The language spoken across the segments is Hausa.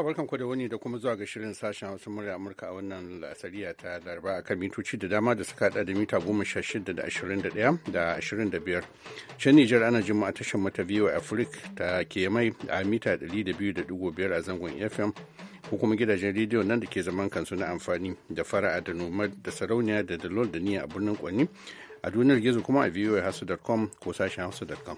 jama'a barkan ku da wani da kuma zuwa ga shirin sashen hausa murya amurka a wannan la'asariya ta laraba a kan mitoci da dama da suka hada da mita goma sha shida da ashirin da daya da ashirin da biyar can nijar ana jima a tashar mata biyu a afirik ta ke mai a mita ɗari da biyu da dubu biyar a zangon fm ko kuma gidajen rediyo nan da ke zaman kansu na amfani da fara'a da noma da sarauniya da dalol da niyya a birnin kwani a duniyar gizo kuma a voahasu.com ko sashen hausa.com.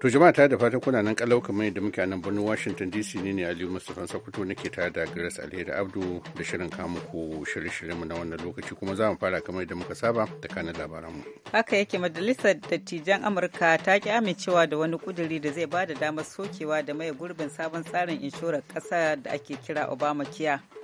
To jama'a ta da fatan kuna nan kalauka mai da muke nan birnin Washington DC ne ne Aliyu Mustapha Sokoto nake tare da Grace Alheri Abdu da shirin kamu ko shirye-shiryen mu na wannan lokaci kuma za mu fara kamar yadda muka saba da kanin labaran mu. Haka yake majalisar dattijan Amurka ta ki amincewa da wani kuduri da zai ba da damar sokewa da maye gurbin sabon tsarin inshorar ƙasa da ake kira Obamacare.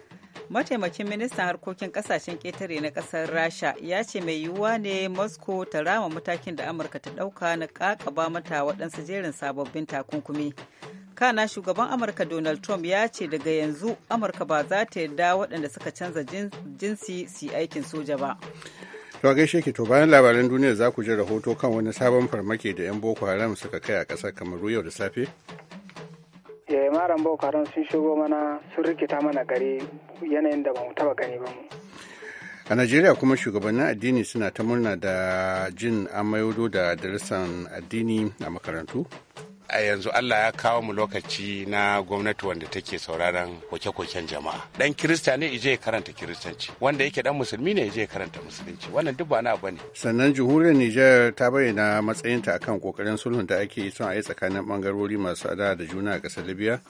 mataimakin ministan harkokin kasashen ƙetare na ƙasar rasha ya ce mai yiwuwa ne moscow ta rama matakin da amurka ta ɗauka na ƙaƙaba mata waɗansu jerin sababbin takunkumi kana shugaban amurka donald trump ya ce daga yanzu amurka ba za ta yarda waɗanda suka canza jinsi su yi aikin soja ba to gaishe ki to bayan labaran duniya za ku ji rahoto kan wani sabon farmaki da 'yan boko haram suka kai a ƙasar kamaru yau da safe Eh, maran boko sun shigo mana sun rikita mana gari yanayin da ba mu taba gani ba a najeriya kuma shugabannin addini suna ta murna da jin amayodo da darussan addini a makarantu a yanzu Allah ya kawo mu lokaci na gwamnati wanda take sauraron koke-koken jama'a dan kirista ne ije ya karanta kiristanci wanda yake dan musulmi ne ije ya karanta musulunci wannan duk ba na ne sannan jihuriyar Nijar ta bayyana matsayinta akan kokarin sulhun da ake son a yi tsakanin bangarori masu ada da juna a kasar Libya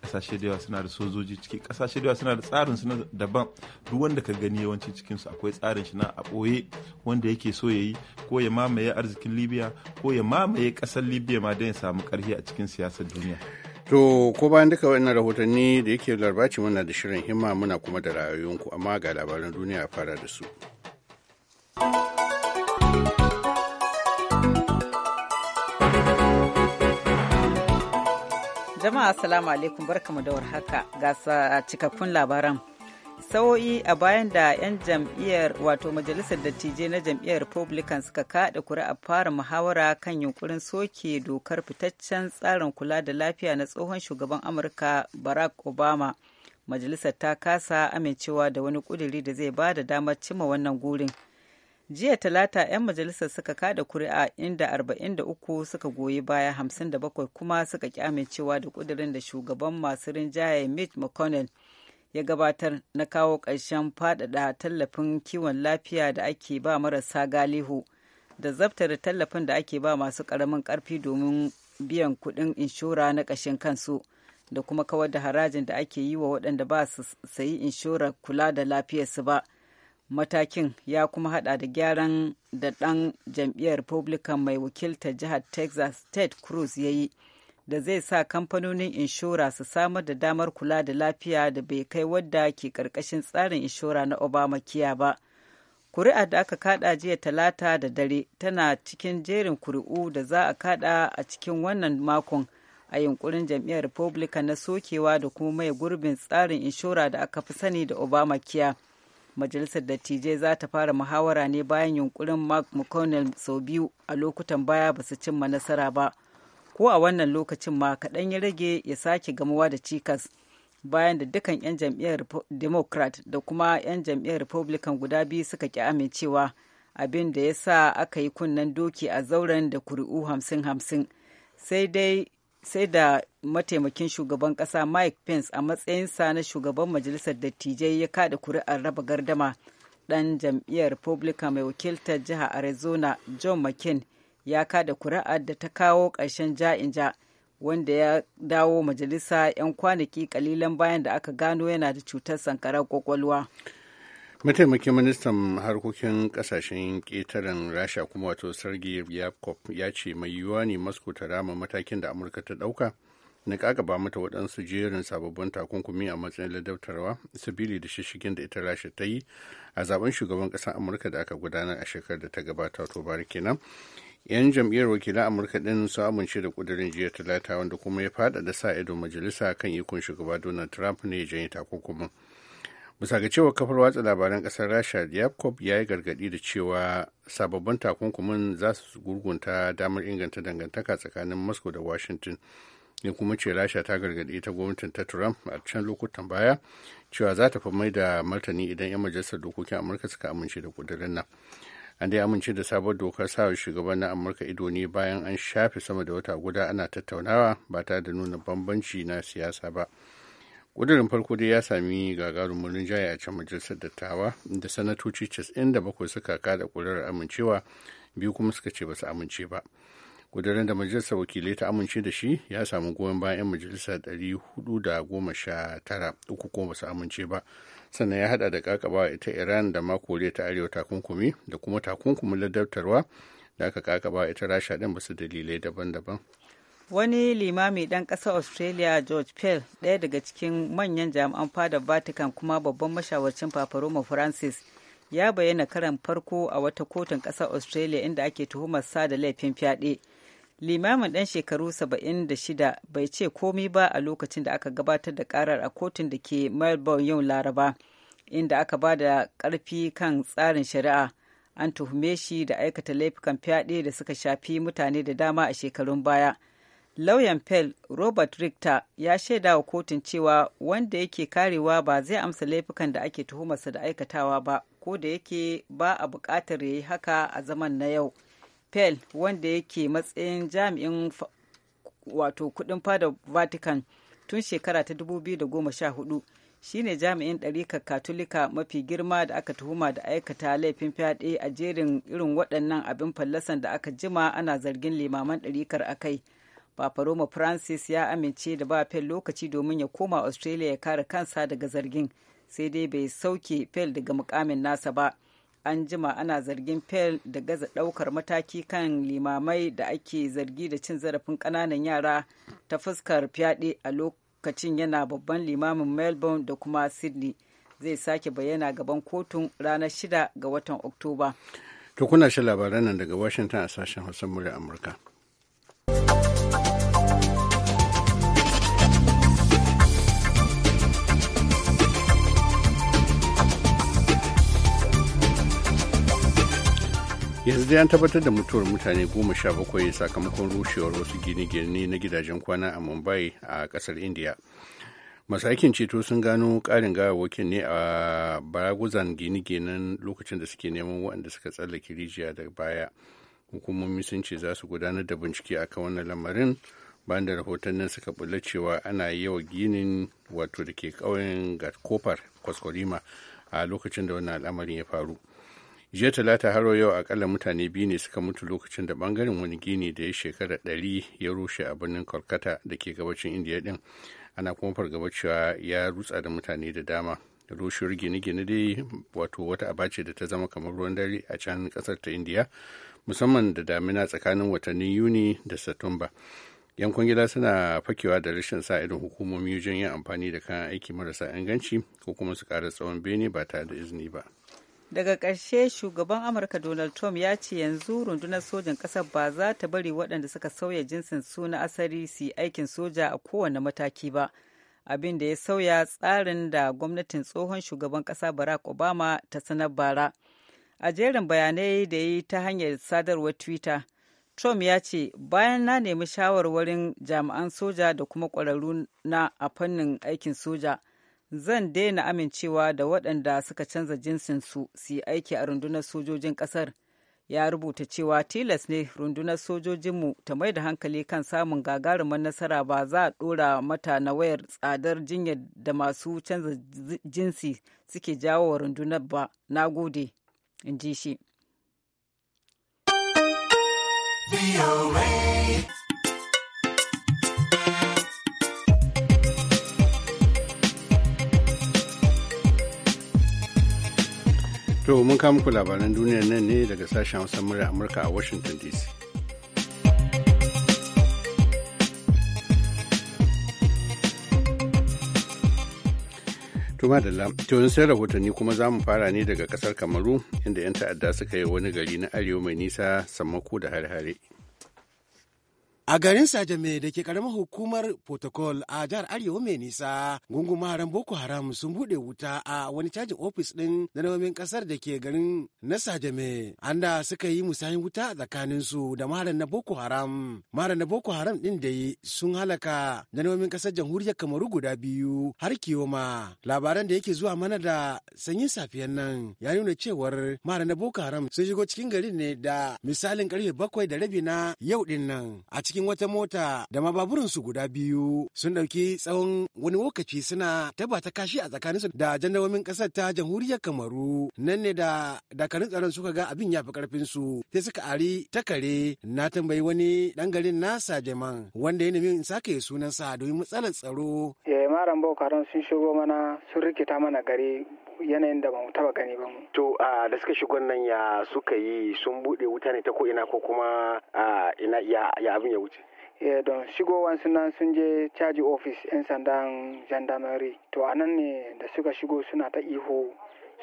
kasashe da yawa suna da sojoji ciki kasashe da yawa suna da tsarin su daban duk wanda ka gani yawanci cikin su akwai tsarin shi na a boye wanda yake so yayi ko ya mamaye arzikin libya ko ya mamaye kasar libya ma don ya samu karfi a cikin siyasar duniya To ko bayan duka wannan rahotanni da yake larbaci muna da shirin himma muna kuma da rayuwanku amma ga labaran duniya fara da su. Jama'a salamu alaikum barkamu da warhaka ga cikakkun labaran. Sau'i a bayan da 'yan jam'iyyar wato majalisar dattijai na jam'iyyar Republican suka kaɗa kuri'a fara muhawara kan yunkurin soke dokar fitaccen tsarin kula da lafiya na tsohon shugaban Amurka Barack Obama. Majalisar ta kasa amincewa da wani ƙuduri da zai ba da damar cimma wannan gurin. jiya talata 'yan majalisar suka kada kuri'a inda 43 suka goyi baya 57 kuma suka amincewa da kudirin da shugaban masu rinjaye mitch mcconnell ya gabatar na kawo ƙarshen faɗaɗa tallafin kiwon lafiya da ake ba marasa galihu da zabtar tallafin da ake ba masu ƙaramin ƙarfi domin biyan kuɗin inshora na ƙashin kansu da kuma kawar da harajin da ake yi wa waɗanda ba su sayi inshorar kula da lafiyarsu ba. matakin ya kuma hada da gyaran da dan jam'iyyar republican mai wakilta jihar texas ted cruz ya yi da zai sa kamfanonin inshora su samar da damar kula da lafiya da bai kai wadda ke karkashin tsarin inshora na obamacare ba kuri'a da aka kada jiya talata da dare tana cikin jerin kuri'u da za a kada a cikin wannan makon a yunkurin jam'iyyar republican na sokewa da kuma mai gurbin tsarin inshora da aka fi sani da obamacare majalisar dattijai za ta fara muhawara ne bayan yunkurin mark mcconnell sau biyu a lokutan baya ba su cimma nasara ba ko a wannan lokacin ma kaɗan ya rage ya sake gamuwa da cikas bayan da dukkan 'yan jam'iyyar democrat da kuma 'yan jam'iyyar republican guda biyu suka ki amincewa abin da ya sa aka yi kunnen doki a zauren da kuri'u hamsin hamsin sai dai sai da mataimakin shugaban kasa mike pence a matsayinsa na shugaban majalisar dattijai ya kada kuri'ar raba gardama dan jam'iyyar republican mai wakiltar jihar arizona john mccain ya kada kuri'ar da ta kawo ƙarshen ja wanda ya dawo majalisa 'yan kwanaki kalilan bayan da aka gano yana da cutar sankarar kwakwalwa mataimakin ministan harkokin kasashen ƙetaren rasha kuma wato sergei yakov ya ce mai yiwuwa ne moscow ta rama matakin da amurka ta ɗauka na ba mata waɗansu jerin sababbin takunkumi a matsayin ladabtarwa sabili da shishigin da ita rasha ta yi a zaben shugaban ƙasar amurka da aka gudanar a shekarar da ta gabata to bari kenan yan jam'iyyar wakilan amurka ɗin su amince da ƙudurin jiya talata wanda kuma ya faɗaɗa sa ido majalisa kan ikon shugaba donald trump ne ya janye takunkumin bisa ga cewa kafar watsa labaran kasar rasha yakov ya yi gargadi da cewa sababbin takunkumin za su gurgunta damar inganta dangantaka tsakanin moscow da washington ne kuma ce rasha ta gargadi ta gwamnatin ta trump a can lokutan baya cewa za ta fi mai da martani idan 'yan majalisar dokokin amurka suka amince da kudurin nan an dai amince da sabon dokar sa shugaban na amurka ido ne bayan an shafe sama da wata guda ana tattaunawa ba tare da nuna bambanci na siyasa ba ƙudurin farko dai ya sami gagarumin rinjaye a can majalisar dattawa da sanatoci bakwai suka kada ƙudurar amincewa biyu kuma suka ce ba su amince ba ƙudurin da majalisar wakilai ta amince da shi ya samu goyon bayan 'yan sha tara uku kuma su amince ba sannan ya haɗa da kakabawa ita iran da mako ta arewa takunkumi da kuma takunkumin ladabtarwa da aka kakaba ita rasha din basu dalilai daban-daban wani limami ɗan ƙasar australia george pell ɗaya daga cikin manyan jami'an fadar vatican kuma babban mashawarcin papa roma francis ya bayyana karan farko a wata kotun ƙasar australia inda ake tuhumar sa da laifin fyaɗe limamin ɗan shekaru 76 bai ce komi ba a lokacin da aka gabatar da karar a kotun da ke melbourne yau laraba inda aka ba da ƙarfi kan tsarin shari'a an tuhume shi da aikata laifukan fyaɗe da suka shafi mutane da dama a shekarun baya lauyan pell robert richter ya shaida wa kotun cewa wanda yake karewa ba zai amsa laifukan da ake tuhumarsa da aikatawa ba ko da yake ba a bukatar ya yi haka a zaman na yau pell wanda yake matsayin jami'in wato kudin fada vatican tun shekara ta 2014 shine jami'in ɗarikar katolika mafi girma da aka tuhuma da aikata laifin fyaɗe a jerin irin waɗannan abin fallasan da aka jima ana zargin limaman ɗarikar akai. Papa Roma Francis ya amince da ba fel lokaci domin ya koma Australia ya kare kansa daga zargin, sai dai bai sauke fel daga mukamin nasa ba. An jima ana zargin fel da gaza ɗaukar mataki kan limamai da ake zargi da cin zarafin kananan yara ta fuskar fyaɗe a lokacin yana babban limamin Melbourne da kuma Sydney. Zai sake bayyana gaban kotun ranar shida ga watan Oktoba. To kuna shi labaran nan daga Washington a sashen Hausa murya Amurka. dai an tabbatar da mutuwar mutane goma sha bakwai sakamakon rushewar wasu gine-gine na gidajen kwana a mumbai a kasar india masu aikin ceto sun gano karin gawawwakin ne a baraguzan gine-ginen lokacin da suke neman waɗanda suka tsallake rijiya da baya hukumomi sun ce za su gudanar da bincike akan wannan lamarin bayan da rahoton rahotannin suka bulla cewa ana yawa ginin wato da ke ƙauyen gatkofar kwaskwarima a lokacin da wannan al'amarin ya faru jiya talata haro yau akalla mutane biyu ne suka mutu lokacin da bangaren wani gini da ya shekara ɗari ya rushe a birnin kolkata da ke gabacin indiya din ana kuma fargaba cewa ya rutsa da mutane da dama rushewar gine-gine dai wato wata abace da ta zama kamar ruwan dare a can kasar ta indiya musamman da damina tsakanin watannin yuni da satumba yankun gida suna fakewa da rashin sa irin hukumomi wajen yin amfani da kayan aiki marasa inganci ko kuma su ƙara tsawon bene ba tare da izini ba daga ƙarshe shugaban amurka donald trump ya ce yanzu rundunar sojan ƙasar ba za ta bari waɗanda suka sauya jinsin su na asali su yi aikin soja a kowane mataki ba abin da ya sauya tsarin da gwamnatin tsohon shugaban ƙasa barack obama ta sanar bara a jerin bayanai da yi ta hanyar sadarwar twitter trump ya ce bayan na nemi shawarwarin jami'an soja da kuma ƙwararru na a fannin aikin soja zan daina amincewa da waɗanda suka canza jinsinsu su yi aiki a rundunar sojojin ƙasar ya rubuta cewa tilas ne rundunar sojojinmu ta mai da hankali kan samun gagarumar nasara ba za a ɗora mata na wayar tsadar jinyar da masu canza jinsi suke jawo wa rundunar ba na gode in ji shi. To mun kama muku labaran duniya nan ne daga sashen Hausa murya Amurka a Washington DC. Tuma da to sai rahotanni kuma za mu fara ne daga kasar Kamaru inda 'yan ta'adda suka yi wani gari na arewa mai nisa sammako da hare-hare. A garin Sajame da ke karamar hukumar protocol a jihar Arewa mai nisa, gungun maharan Boko Haram sun bude wuta a wani cajin ofis ɗin na ƙasar da ke garin na Sajame, da suka yi musayin wuta tsakanin su da maharan na Boko Haram. Maharan na Boko Haram ɗin da sun halaka na ƙasar jamhuriyar Kamaru guda biyu har kiyoma. Labaran da yake zuwa mana da sanyin safiyan nan ya nuna cewar maharan na Boko Haram sun shigo cikin garin ne da misalin karfe bakwai da rabi na yau din nan a cikin cikin wata mota da mababurinsu guda biyu sun ɗauki tsawon wani lokaci suna taba ta kashi a tsakaninsu da jandarmomin ƙasar ta jamhuriyar kamaru nan ne da dakarun tsaron suka ga abin ya fi ƙarfinsu sai suka ari ta kare na tambayi wani ɗan garin nasa jaman wanda ya nemi in sake sa domin matsalar tsaro. Eh, maran baukaran sun shigo mana sun rikita mana gari yanayin da ba mu taba gani ba mu. To da suka shigo nan ya suka yi sun buɗe wuta ne ta ko ina ko kuma ina ya abin ya wuce. Yeah, don shigowan sunan sun je caji ofis 'yan sandan gendarmerie to a nan ne da suka shigo suna ta ihu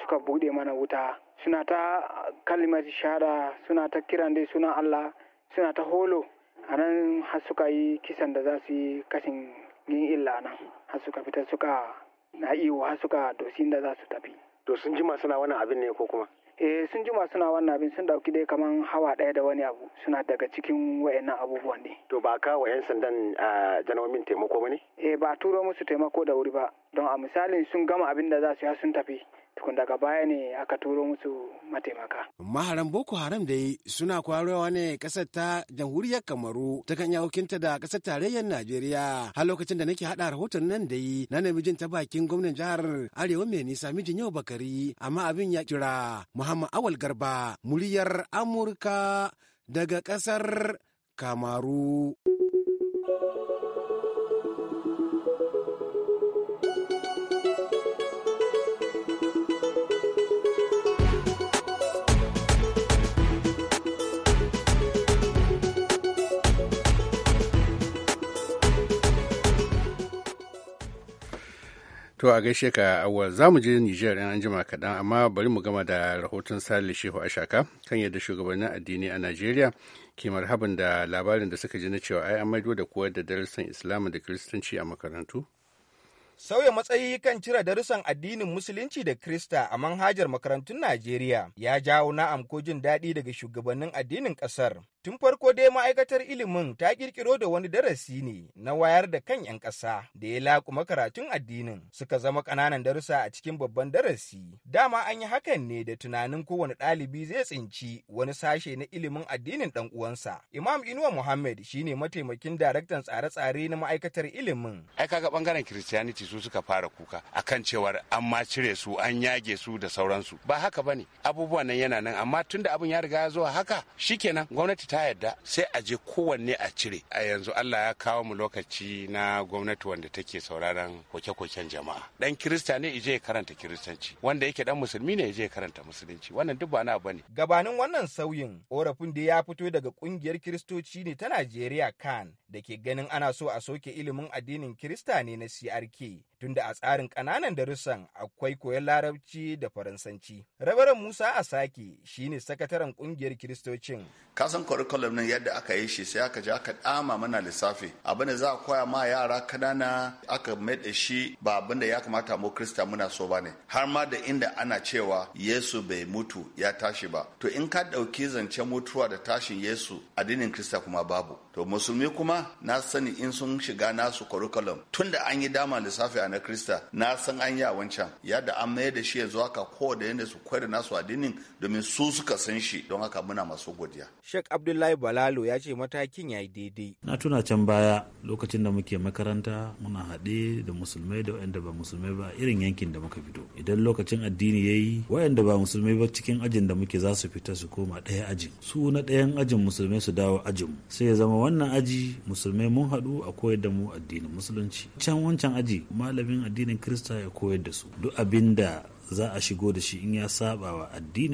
suka buɗe mana wuta suna ta kalimar shada suna ta kiran dai suna allah suna ta holo a nan har suka yi kisan da za su yi kashin yin illa nan har suka fita suka na iya suka dosi da za su tafi. To sun jima suna wannan abin ne ko kuma? Eh sun jima suna wannan abin sun dauki dai kaman hawa ɗaya da wani abu suna daga cikin wayannan abubuwan ne. To ba ka wa 'yan sandan a taimako ba ne? Eh ba turo musu taimako da wuri ba don a misalin sun gama abin da za su yi sun tafi tukun daga baya ne aka turo musu mataimaka. Maharan Boko Haram dai suna kwarowa ne kasar ta jamhuriyar Kamaru ta kan hukinta da kasar tarayyar Najeriya. Har lokacin da nake haɗa rahoton nan dai na namijin ta bakin gwamnan jihar Arewa mai nisa mijin yau Bakari amma abin ya kira Muhammad Awal Garba muryar Amurka daga kasar Kamaru. To a gaishe ka awal za mu je Nijar yan anjima kaɗan amma bari mu gama da rahoton sali Shehu Ashaka kan yadda shugabannin addini a Najeriya ke marhaban da labarin da suka ji na cewa ai an maido da koyar da darussan Islam da Kiristanci a makarantu. Sauya matsayi kan cire darussan addinin Musulunci da Krista a manhajar makarantun Najeriya ya jawo na'am ko jin daɗi daga shugabannin addinin ƙasar Tun farko dai ma'aikatar ilimin ta kirkiro da wani darasi ne na wayar da kan 'yan ƙasa da ya laƙu karatun addinin suka zama ƙananan darussa a cikin babban darasi. Dama an yi hakan ne da tunanin kowane ɗalibi zai tsinci wani sashe na ilimin addinin ɗan uwansa. Imam Inuwa Muhammad shine mataimakin daraktan tsare-tsare na ma'aikatar ilimin. Ai kaga bangaren Christianity su suka fara kuka akan cewar an ma cire su an yage su da sauransu. Ba haka bane abubuwan nan yana nan amma tunda abin ya riga ya zo haka shikenan gwamnati ta yadda sai a je kowanne a cire a yanzu allah ya kawo mu lokaci na gwamnati wanda take sauraron koke-koken jama'a dan kirista ne ije karanta kiristanci wanda yake dan musulmi ne ije karanta musulunci wannan duk ba na bane gabanin wannan sauyin korafin da ya fito daga kungiyar kiristoci ne ta najeriya kan da ke ganin ana so a soke ilimin addinin kirista ne na crk tunda a tsarin ƙananan darussan akwai koyon larabci da faransanci. Rabaran Musa a Asake ne sakataren ƙungiyar Kiristocin. Kasan curriculum nan yadda aka yi shi sai aka je aka ɗama mana lissafi. Abin da za a koya ma yara kanana aka maida shi ba abin da ya kamata mu Kirista muna so ba ne. Har ma da inda ana cewa Yesu bai mutu ya tashi ba. To in ka ɗauki zance mutuwa da tashin Yesu addinin Kirista kuma babu. to musulmi kuma na sani in sun shiga nasu curriculum tun da an yi dama lissafi a na krista na san an yi a wancan yadda an mayar da shi yanzu haka ko da yadda su koyar nasu addinin domin su suka san shi don haka muna masu godiya shek abdullahi balalo ya ce matakin ya yi daidai na tuna can baya lokacin da muke makaranta muna haɗe da musulmai da wayanda ba musulmai ba irin yankin da muka fito idan lokacin addini ya yi wayanda ba musulmai ba cikin ajin da muke za su fita su koma ɗaya ajin su na ɗayan ajin musulmai su dawo ajin sai ya zama wannan aji musulmai mun haɗu a koyar da mu addinin musulunci can wancan aji malamin addinin kirista ya koyar da su duk abin da za a shigo da shi in ya saba wa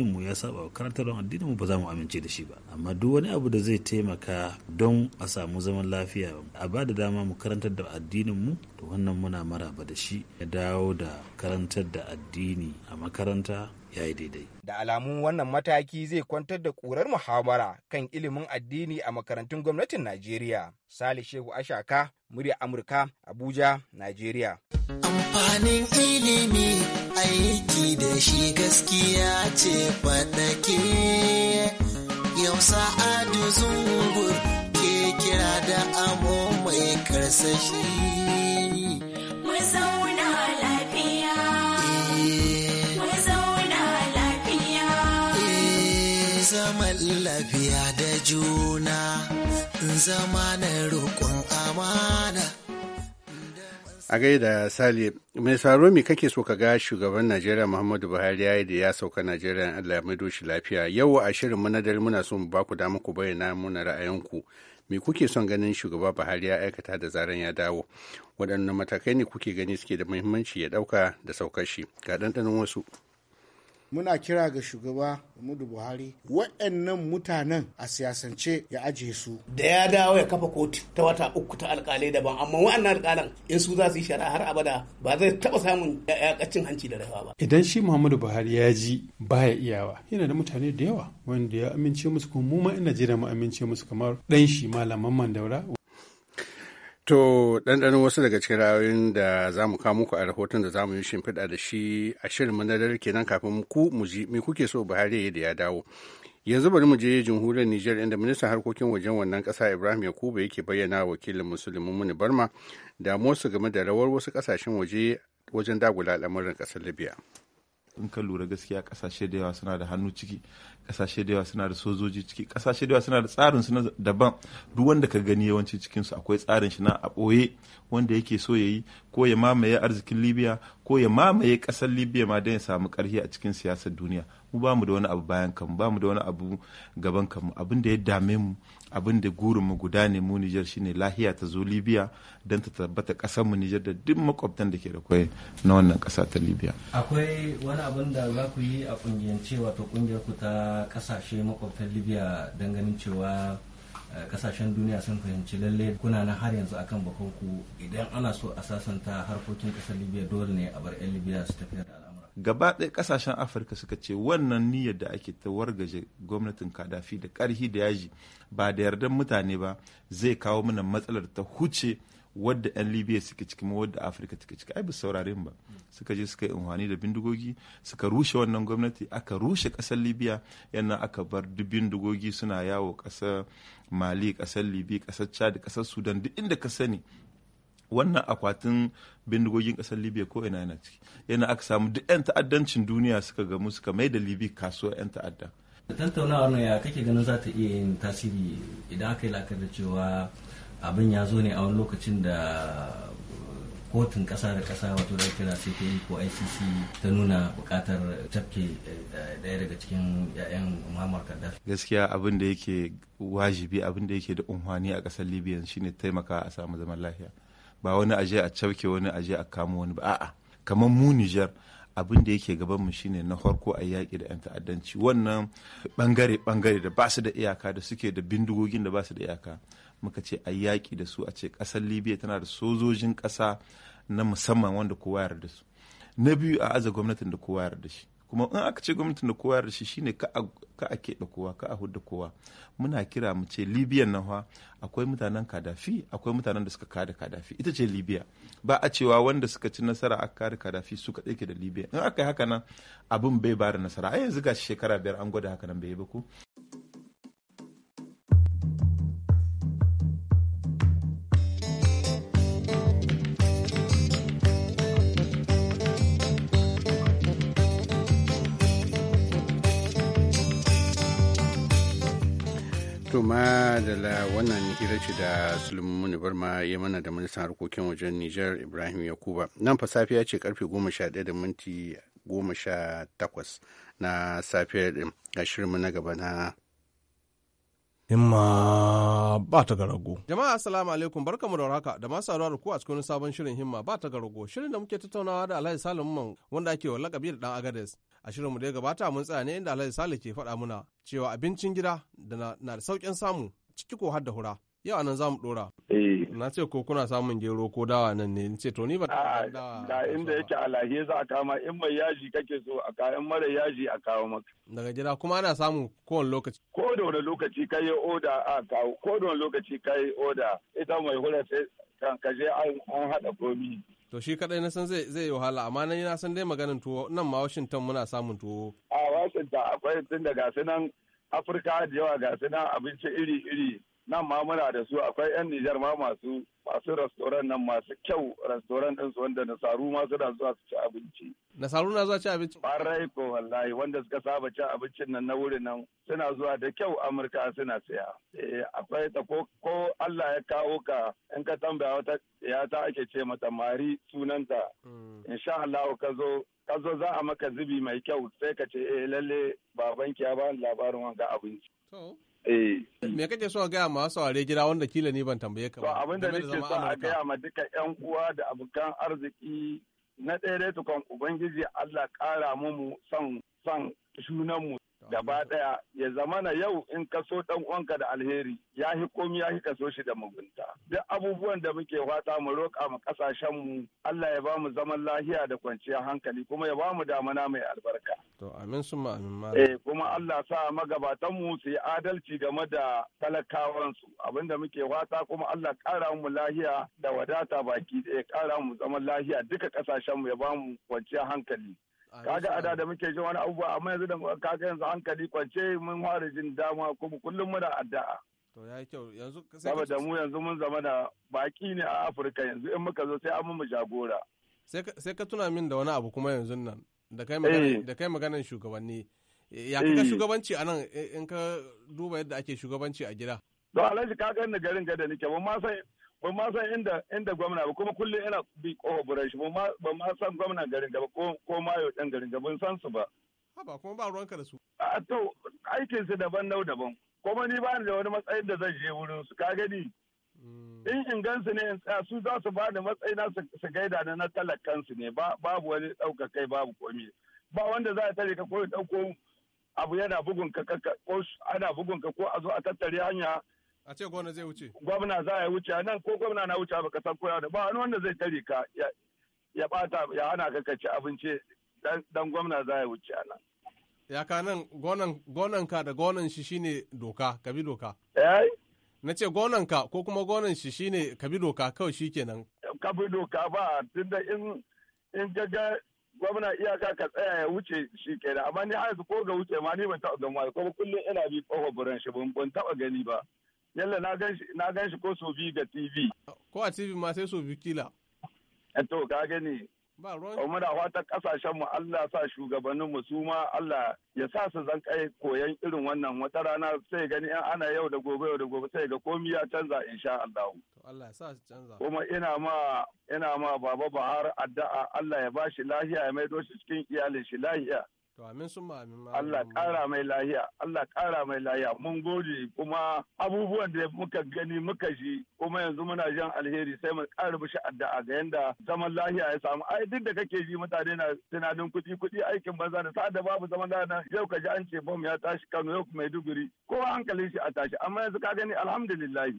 mu ya saba wa karantarwar mu ba za mu amince da shi ba amma duk wani abu da zai taimaka don a samu zaman lafiya a ba da dama mu karantar da mu to wannan muna maraba da shi ya dawo da karantar da addini a makaranta ya yi daidai. Da alamun wannan mataki zai kwantar da ƙurar muhawara kan ilimin addini a makarantun gwamnatin Najeriya. sali Shehu Ashaka, murya Amurka, Abuja, Najeriya. Amfanin ilimi aiki da shi gaskiya ce faɗake. Yau sa'adu zungur ke kira da amo mai karsashi. lafiya da juna zama na roƙon amana a gaida sale mai saro me kake so ka ga shugaban najeriya muhammadu buhari ya yi da ya sauka najeriya allah ya shi lafiya yau a shirin mu dare muna so mu ba ku damu ku bayyana muna ra'ayinku me kuke son ganin shugaba buhari ya aikata da zaran ya dawo waɗannan matakai ne kuke gani suke da muhimmanci ya ɗauka da saukar shi ga ɗanɗanon wasu muna kira ga shugaba Muhammadu Buhari waɗannan mutanen a siyasance ya ajiye su. Da ya dawo ya kafa kotu ta wata uku ta alƙalai daban amma waɗannan alƙalan in su za su yi shari'a har abada ba zai taɓa samun yaƙacin hanci da rafa ba. Idan shi Muhammadu Buhari ya ji baya iyawa yana da mutane da yawa wanda ya amince musu kuma mu ma ina jira mu amince musu kamar ɗan shi malaman Mandaura To ɗanɗanon wasu daga cikin rayoyin da za mu kawo muku a rahoton da za mu yi shimfiɗa da shi a shirin na kenan kafin ku mu ji me kuke so Buhari ya yi da ya dawo. Yanzu bari mu je jamhuriyar Nijar inda ministan harkokin wajen wannan ƙasa Ibrahim Yakubu yake bayyana wakilin musulmin muni Barma damuwarsu game da rawar wasu ƙasashen waje wajen dagula al'amuran ƙasar Libya. in ka lura gaskiya kasashe da yawa suna da hannu ciki kasashe da yawa suna da sojoji ciki kasashe da yawa suna da tsarin su daban duk wanda ka gani yawanci cikin su akwai tsarin shi na a boye wanda yake so ya yi ko ya mamaye arzikin libya ko ya mamaye kasar libya ma don ya samu karfi a cikin siyasar duniya mu bamu mu da wani abu bayan kanmu ba mu da wani abu gaban kanmu abin da ya dame mu abin da gurin mu guda ne mu Nijar shine lahiya ta zo Libya don ta tabbata kasar mu Nijar da duk makwabtan da ke da kwai na wannan kasa ta Libya. Akwai wani abin da za ku yi a kungiyance wato kungiyar ku ta kasashe makwabtan Libya dangane ganin cewa kasashen eh, duniya sun fahimci lalle kuna na har yanzu akan bakon ku idan ana so a sasanta harkokin ƙasar Libya dole ne a bar 'yan Libya su tafi da gaba ɗaya ƙasashen afirka suka ce wannan niyyar da ake ta wargaje gwamnatin kadafi da ƙarhi da yaji ba da yardan mutane ba zai kawo mana matsalar ta huce wadda 'yan libya suke ciki ma wadda afirka take ciki ai ba saurare ba suka je suka yi unhwani da bindigogi suka rushe wannan gwamnati aka rushe ƙasar libya yana aka bar duk bindigogi suna yawo ƙasar mali ƙasar libya ƙasar chad ƙasar sudan duk inda ka sani wannan akwatin bindigogin kasar libya ko ina yana ciki yana aka samu duk 'yan ta'addancin duniya suka gamu suka mai da libya kasuwar 'yan ta'adda na ya kake ganin za ta iya yin tasiri idan aka yi la'akari da cewa abin ya zo ne a wani lokacin da kotun kasa da kasa wato da kira cpi ko icc ta nuna bukatar tafke daya eh, daga cikin yayan muhammad kaddafi gaskiya abin da yake wajibi abin da yake da unhwani a kasar libya shine taimaka a samu zaman lafiya ba wani aje a cauke wani aje a kamo wani ba a'a kamar mu Nijar abin da yake gaban mu shine na farko a yaƙi da 'yan ta'addanci wannan bangare bangare da basu da iyaka da suke da bindigogin da basu da iyaka muka ce a yaƙi da su a ce ƙasar libya tana da sojojin ƙasa na musamman wanda kowa yarda da su na biyu a aza gwamnatin da kowa yarda da shi kuma in aka ce gwamnatin da kowa da shi shine ka a keɓe kowa ka a hudda kowa muna kira mu ce libya nan fa akwai mutanen kadafi akwai mutanen da suka kada kadafi ita ce libya ba a cewa wanda suka ci nasara a kada kadafi su kaɗai ke da libya in aka yi haka nan abin bai ba da nasara a yanzu ga shekara biyar an gwada haka nan bai yi ba ko la wannan hira ce da sulmuni barma ya mana da ministan harkokin wajen nijar ibrahim yakuba nan fa safiya ce karfe 11 da minti 18 na safiya din ga na gaba na himma ba ta garago. Jama'a assalamu alaikum barkamu da warhaka da masu da ku a cikin sabon shirin himma ba ta garago shirin da muke tattaunawa da Alhaji Salim Man wanda ake wallaka lakabi da dan Agades. A shirin mu da ya gabata mun tsaya ne inda Alhaji Salim ke faɗa muna cewa abincin gida da na da sauƙin samu ciki ko har da hura. yau anan za mu dora. Eh. Na ce ko kuna samun gero ko dawa nan ne, ce to ni ba dawa. Da inda yake alahi za a kama in mai yaji kake so a kayan mara yaji a kawo maka. Daga gida kuma ana samu kowane lokaci. Ko da wani lokaci ka yi oda a kawo, ko da wani lokaci ka yi oda ita mai hula sai kan kaje an haɗa komi. To shi kadai na san zai zai yi wahala amma nan na san dai maganin tuwo nan ma Washington muna samun tuwo. A Washington akwai tun da sunan nan Afirka da yawa ga nan abinci iri-iri nan ma muna da su akwai 'yan Nijar ma masu masu restoran nan masu kyau restoran din su wanda nasaru ma suna zuwa su ci abinci. Nasaru na zuwa ci abinci? Barai ko wallahi wanda suka saba ci abincin nan na wurin nan suna zuwa da kyau Amurka suna siya. Eh akwai ta ko ko Allah ya kawo ka in ka tambaya wata ya ta ake ce mata mari sunanta. Mm. Insha Allah ka zo ka zo za a maka zubi mai kyau sai ka ce eh lalle babanki ya ba labarin wanga abinci. Eh. Me kake so a gaya ma wasu ware gida wanda kila ni ban tambaye ka ba. Abin da nake so a gaya ma duka ƴan uwa da abokan arziki na ɗaya tukan Ubangiji Allah ƙara mu san son mu. gaba daya ya zamana yau in ka so dan uwanka da alheri ya hi komi ya hi kaso shi da mugunta duk abubuwan da muke fata mu roƙa mu kasashen mu Allah ya bamu zaman lahiya da kwanciyar hankali kuma ya bamu damana mai albarka to amin summa amin ma eh kuma Allah sa magabatan mu su yi adalci game da talakawan su abinda muke fata kuma Allah ƙara mu lahiya da wadata baki da ya ƙara mu zaman lahiya duka kasashen mu ya bamu kwanciyar hankali kaga ada da muke jin wani abubuwa amma yanzu da kaga yanzu hankali kwance mun ware jin dama kuma kullum muna addu'a to yayi kyau yanzu saboda mu yanzu mun zama da baki ne a Afirka yanzu in muka zo sai an mu jagora sai ka tuna min da wani abu kuma yanzu nan da kai magana eh. da kai maganan shugabanni ya kaga eh. shugabanci a nan eh, in ka duba yadda ake shugabanci a gida to alhaji kaga ni garin gada nake ba ma sai ban ma san inda inda gwamna ba kuma kullum ina bi kowa shi ban ma san gwamna garin gaba ko ma yau ɗan garin gaba san su ba. Haba kuma ba ruwanka da su. A to aikin su daban nau daban kuma ni ba da wani matsayin da zan je wurin su ka gani. Hmm. In in gansu ne in tsaya su za su ba da matsayi na su gaida na talakansu ne babu wani ɗauka kai babu komi. Ba wanda za a tare ka ko ɗauko abu yana bugun ka ko ana bugun ka ko a zo a tattare hanya a ce gwamna zai wuce gwamna za a wuce nan ko gwamna na wuce ba ka san koya da ba wani wanda zai tare ka ya bata ya hana ka kaci abinci dan gwamna za a wuce a nan ya ka nan gonan ka da gonan shi shine doka ka bi doka eh na ce gonan ka ko kuma gonan shi shine ka bi doka kawai shi nan. ka bi doka ba tunda in in gaga gwamna iyaka ka tsaya ya wuce shi kenan amma ni har ko ga wuce ma ni ban taɓa gama ko kullum ina bi kofar buran shi ban taɓa gani ba yalla na gan shi ko sobi biyu ga TV. Ko a TV ma sai sobi biyu kila. Eh to ka gani. Ba ruwan. da fatan kasashen mu Allah sa shugabannin mu su ma Allah ya sa su zan kai koyan irin wannan wata rana sai gani in ana yau da gobe yau da gobe sai ga komi ya canza insha Allah. To Allah ya sa su canza. Kuma ina ma ina ma baba Bahar addu'a Allah ya bashi lahiya ya maido shi cikin iyalin shi lahiya. To amin sun amin Allah ƙara mai lahiya, Allah ƙara mai lahiya, mun gode kuma abubuwan da muka gani muka ji kuma yanzu muna jan alheri sai mu ƙara bishi addu'a ga yanda zaman lahiya ya samu. Ai duk da kake ji mutane na tunanin kuɗi kuɗi aikin banza da sa'ad da babu zaman lahiya yau ka ji an ce bom ya tashi Kano yau Maiduguri ko hankalin shi a tashi amma yanzu ka gani alhamdulillah.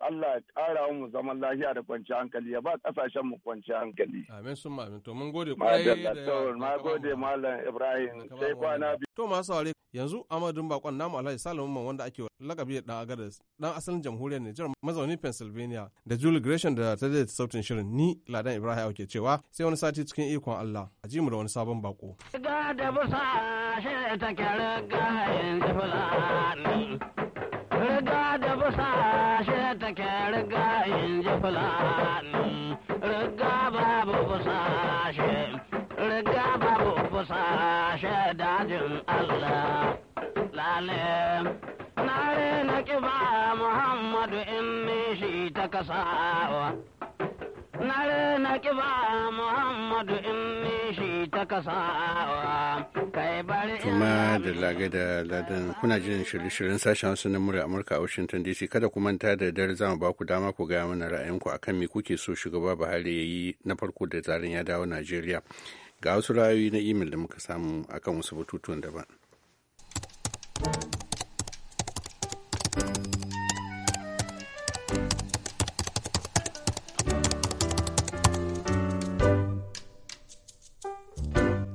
Allah ya ƙara mu zaman lahiya da kwanciyar hankali ya ba kasashen mu kwanciyar hankali. Amin sun amin to mun gode kwarai da. Ma gode Malam Ibrahim sai yanzu Amadu Bakon namu Alhaji Salamu wanda ake lakabi da dan agadas dan asalin jamhuriyar Nijar mazauni Pennsylvania da Julie Gresham da ta daidaita sautin shirin ni Ladan Ibrahim ke cewa sai wani sati cikin ikon Allah a ji mu da wani sabon bako. Ga da busa shi Riga da busa Muhammadu in ta kasawa. Kuma da lagada ladan kuna jin shirye-shiryen sashen wasu na murya Amurka a Washington DC kada ku manta da dare za mu ba ku dama ku gaya mana ra'ayinku akan me kuke so shugaba Buhari ya yi na farko da tsarin ya dawo Najeriya. Ga wasu ra'ayoyi na imel da muka samu akan wasu batutuwan daban.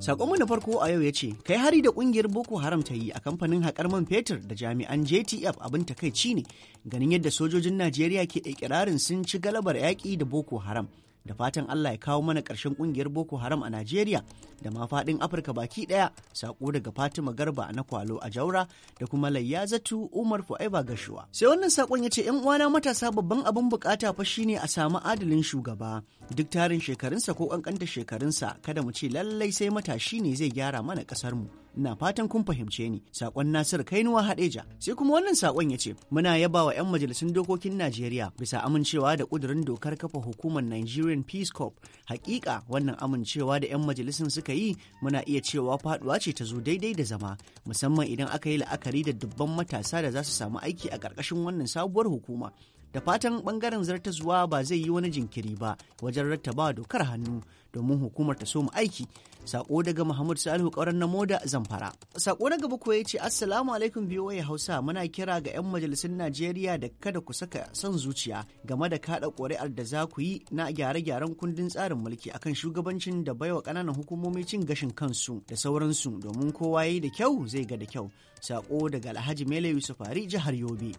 mu na farko a yau ya ce, kai hari da kungiyar Boko Haram ta yi a kamfanin haƙar man fetur da jami'an JTF abin takaici ne, ganin yadda sojojin Najeriya ke ikirarin sun ci galabar yaƙi da Boko Haram. da fatan Allah ya kawo mana ƙarshen ƙungiyar Boko Haram a Najeriya da ma faɗin Afirka baki ɗaya saƙo daga Fatima Garba na Kwalo a Jaura da kuma Layyazatu Umar Fu'aiba Gashuwa. Sai wannan sakon ya ce ‘yan uwana matasa babban abin bukata fa shine a samu adalin shugaba duk tarin shekarunsa ko ƙanƙanta shekarunsa kada mu ce lallai sai matashi ne zai gyara mana ƙasar mu. Ina fatan kun fahimce ni. Sakon Nasir Kainuwa Hadeja. Sai kuma wannan sakon ya ce muna yaba wa 'yan majalisun dokokin Najeriya bisa amincewa da kudurin dokar kafa hukumar Nigerian Peace Corps. Hakika wannan amincewa da 'yan majalisun suka yi muna iya cewa faduwa ce ta zo daidai da zama musamman idan aka yi la'akari da dubban matasa da za su samu aiki a ƙarƙashin wannan sabuwar hukuma. da fatan bangaren zuwa ba zai yi wani jinkiri ba wajen rattaba dokar hannu domin hukumar ta so mu aiki sako daga Muhammad Salihu kauran na moda zamfara sako na gaba kuwa ce assalamu alaikum ya Hausa muna kira ga yan majalisun Najeriya da kada ku saka son zuciya game da kada ƙuri'ar da za ku yi na gyare-gyaren kundin tsarin mulki akan shugabancin da baiwa ƙananan hukumomi cin gashin kansu da sauransu domin kowa yi da kyau zai ga da kyau sako daga Alhaji Mele Yusufari jihar Yobe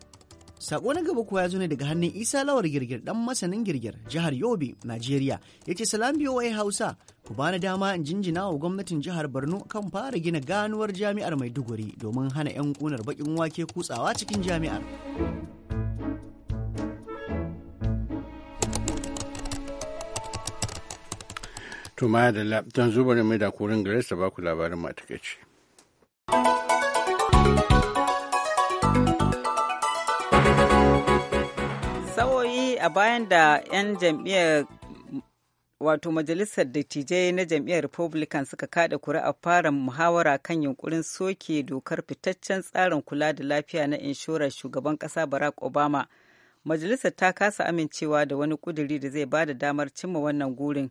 Sako na gaba kuwa ya zo ne daga hannun Isa Lawar Girgir dan masanin Girgir jihar Yobe, Najeriya. Yace salam biyo wai Hausa, ku bani dama in jinjina wa gwamnatin jihar Borno kan fara gina ganuwar jami'ar Maiduguri domin hana 'yan kunar bakin wake kutsawa cikin jami'ar. Tuma da zuba zubar mai da korin gare ba ku labarin matakaici. a bayan da 'yan jam'iyyar wato majalisar dattijai na jam'iyyar republican suka kada kuri'a fara muhawara kan yunkurin soke dokar fitaccen tsarin kula da lafiya na inshorar shugaban kasa barack obama majalisar ta kasa amincewa da wani kuduri da zai bada damar cimma wannan gurin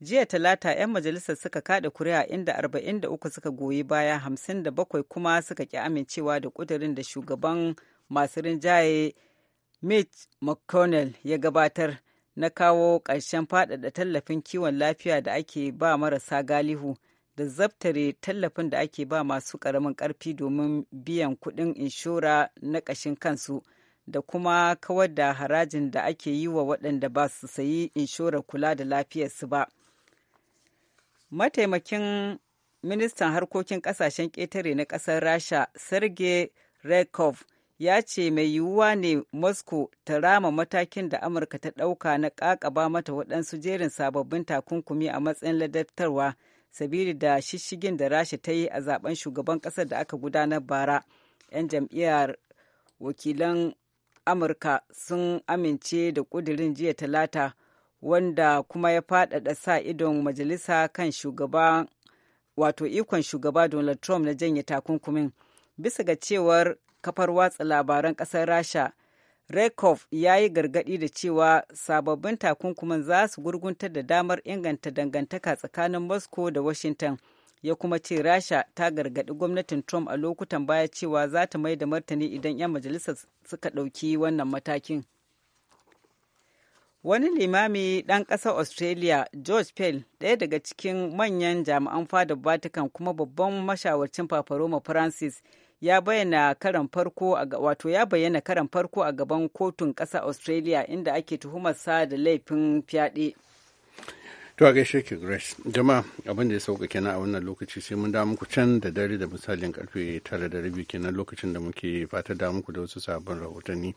jiya talata 'yan majalisar suka kada kuri'a inda 43 suka goyi baya 57 kuma suka ki amincewa da kudurin da shugaban masu rinjaye Mitch McConnell ya gabatar na kawo ƙarshen faɗaɗa tallafin kiwon lafiya da ake ba marasa galihu da zabtare tallafin da ake ba masu ƙaramin ƙarfi domin biyan kuɗin inshora na ƙashin kansu da kuma kawar da harajin da ake yi wa waɗanda ba su sayi inshorar kula da lafiyarsu ba. Mataimakin ministan harkokin ƙasashen ƙetare na ƙasar Rasha, Sergei Rekov, ya ce mai yiwuwa ne moscow ta rama matakin da amurka ta ɗauka na ƙaƙaba mata waɗansu jerin sababbin takunkumi a matsayin ladabtarwa sabili da shishigin da rasha ta yi a zaben shugaban ƙasar da aka gudanar bara 'yan jam'iyyar wakilan amurka sun amince da ƙudurin jiya talata wanda kuma ya faɗaɗa sa idon majalisa kan shugaba wato ikon shugaba donald trump na janye takunkumin bisa ga cewar kafar watsa labaran ƙasar rasha Rekov ya yi gargaɗi da cewa sababbin takunkuman za su gurguntar da damar inganta dangantaka tsakanin Moscow da Washington. Ya kuma ce Rasha ta gargaɗi gwamnatin Trump a lokutan baya cewa za ta mai da martani idan 'yan majalisa suka ɗauki wannan matakin. Wani limami ɗan ƙasar Australia, George Pell, ɗaya daga cikin manyan jami'an fada Vatican kuma babban mashawarcin Paparoma Francis, ya bayyana karan farko wato ya bayyana karan farko a gaban kotun ƙasa Australia inda ake tuhumar sa da laifin fyaɗe. To a gaishe ki Grace. Jama'a abin da ya sauka kenan a wannan lokaci sai mun da muku can da dare da misalin karfe tara da rabi kenan lokacin da muke fata da muku da wasu sabon rahotanni.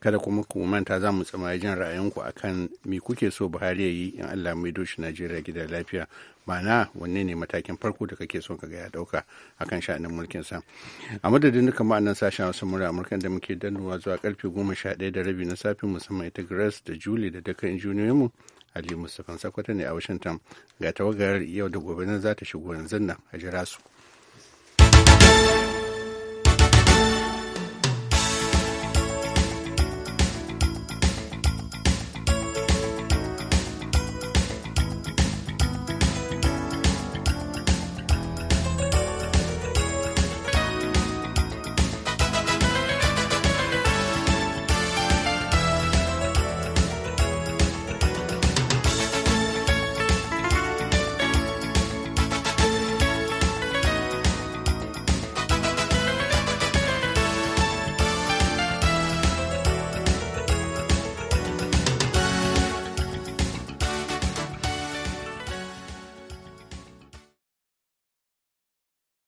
Kada kuma ku manta za mu tsamaye jin ra'ayinku akan me kuke so Buhari ya yi in Allah mai doshi Najeriya gida lafiya. Ma'ana wanne ne matakin farko da kake so kaga ya dauka akan sha'anin mulkin sa. A madadin duka ma'anan sashen wasu mura Amurka da muke danuwa zuwa karfe goma sha ɗaya da rabi na safe musamman ita Grace da Julie da dukkan injiniyoyinmu. mu. ali mustapha sakwata ne a washington ga tawagar yau da gobe nan za ta shigo yanzu nan a jira su